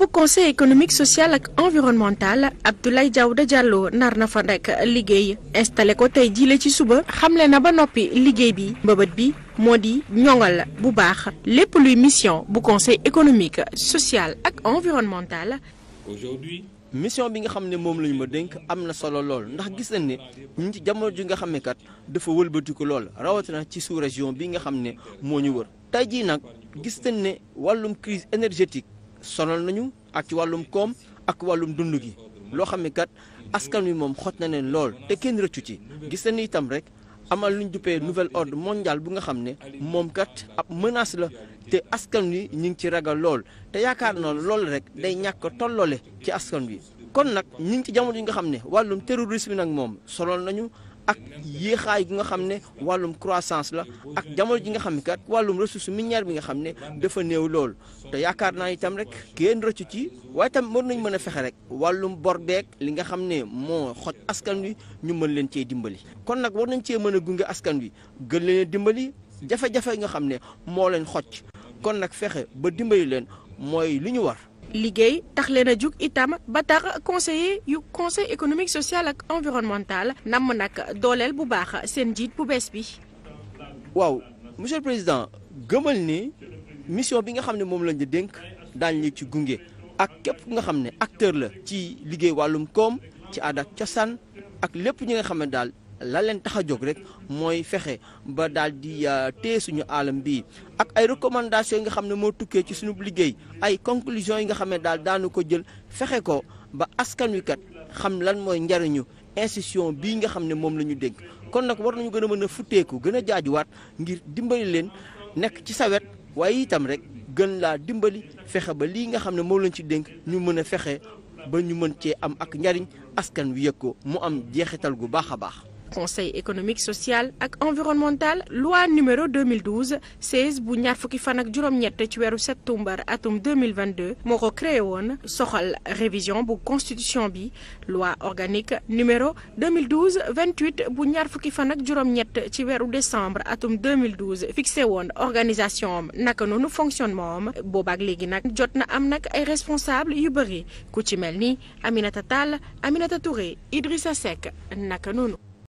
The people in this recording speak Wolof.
bu conseil économique social ak environnemental Abdoulaye Daouda Diallo nar na fa rek liggéey installé ko tey jii la ci suba xamle na ba noppi liggéey bi mbëbët bi moo di ñoŋal bu baax lépp luy mission bu conseil économique social ak environnemental. aujourd'hui mission bi nga xam ne moom la ñu ma dénk am na solo lool ndax gis nañ ne ñu ci jamono ji nga xam ne kat dafa wëlbatiku lool rawatina ci sous région bi nga xam ne moo ñu wër tey jii nag gis nañ ne wàllum crise énergétique. sonal nañu ak ci wàllum koom ak wàllum dund gi loo xam ne kat askan wi moom xot na leen lool te kenn rëccu ci gis nañu itam rek amal luñ duppee nouvel ordre mondial bu nga xam ne moom kat ab menace la te askan wi ñu ngi ci ragal lool te yaakaar na loolu rek day ñàkk tolloole ci askan wi kon nag ñu ngi ci jamono yi nga xam ne wàllum terrorisme nag moom sonal nañu ak yéexaay gi nga xam ne wàllum croissance la ak jamono ji nga xam ne kat wàllum ressource minière bi nga xam ne dafa néew lool te yaakaar naa itam rek kenn rëccu ci waaye tam mën nañ mën a fexe rek wàllum bor beeg li nga xam ne moo xoj askan wi ñu mën leen cee dimbali. kon nag war nañ cee mën a gunge askan wi gën leen dimbali jafe-jafe yi nga xam ne moo leen xoj kon nag fexe ba dimbali leen mooy li ñu war. liggéey tax leen a jug itam ba tax conseiller yu conseil économique social ak environnemental namm nag dooleel bu baax seen njiit bu bees bi. waaw monsieur président gëmal ni mission bi nga xam ne moom lañ di dénk daañu ci gunge ak képp nga xam ne acteur la ci liggéey wàllum koom ci aada cosaan ak lépp ñi nga xam ne daal. la leen tax a jóg rek mooy fexe ba daal di euh, téye suñu alam bi ak ay recommandations yi nga xam ne moo tukkee ci suñu liggéey ay conclusions yi nga xam ne daal daanu ko jël fexe ko ba askan wi kat xam lan mooy njariñu institution bii nga xam ne moom la ñu dénk kon nag war nañu gën a mën a futteeku gën a jaajuwaat ngir dimbali leen nekk ci sa wet waaye itam rek gën laa dimbali fexe ba lii nga xam ne moom lañ ci dénk ñu mën a fexe ba ñu mën cee am ak njariñ askan wi yëg ko mu am jeexital gu baax a baax conseil économique social ak environnemental loi numéro 2012 16 bu ñaar fukki fan ak juróom-ñett ci weeru septembre atum 2022 moo ko créé woon soxal révision bu constitution bi loi organique numéro 2012 28 bu ñaar fukki fan ak juróom-ñett ci weeru décembre atum 2012 fixé woon organisation am naka noonu fonctionnement am boobaak léegi nag jot na am nag ay responsable yu bëri ku ci mel ni Aminata Tall Aminata Touré Idrissa Seck naka noonu.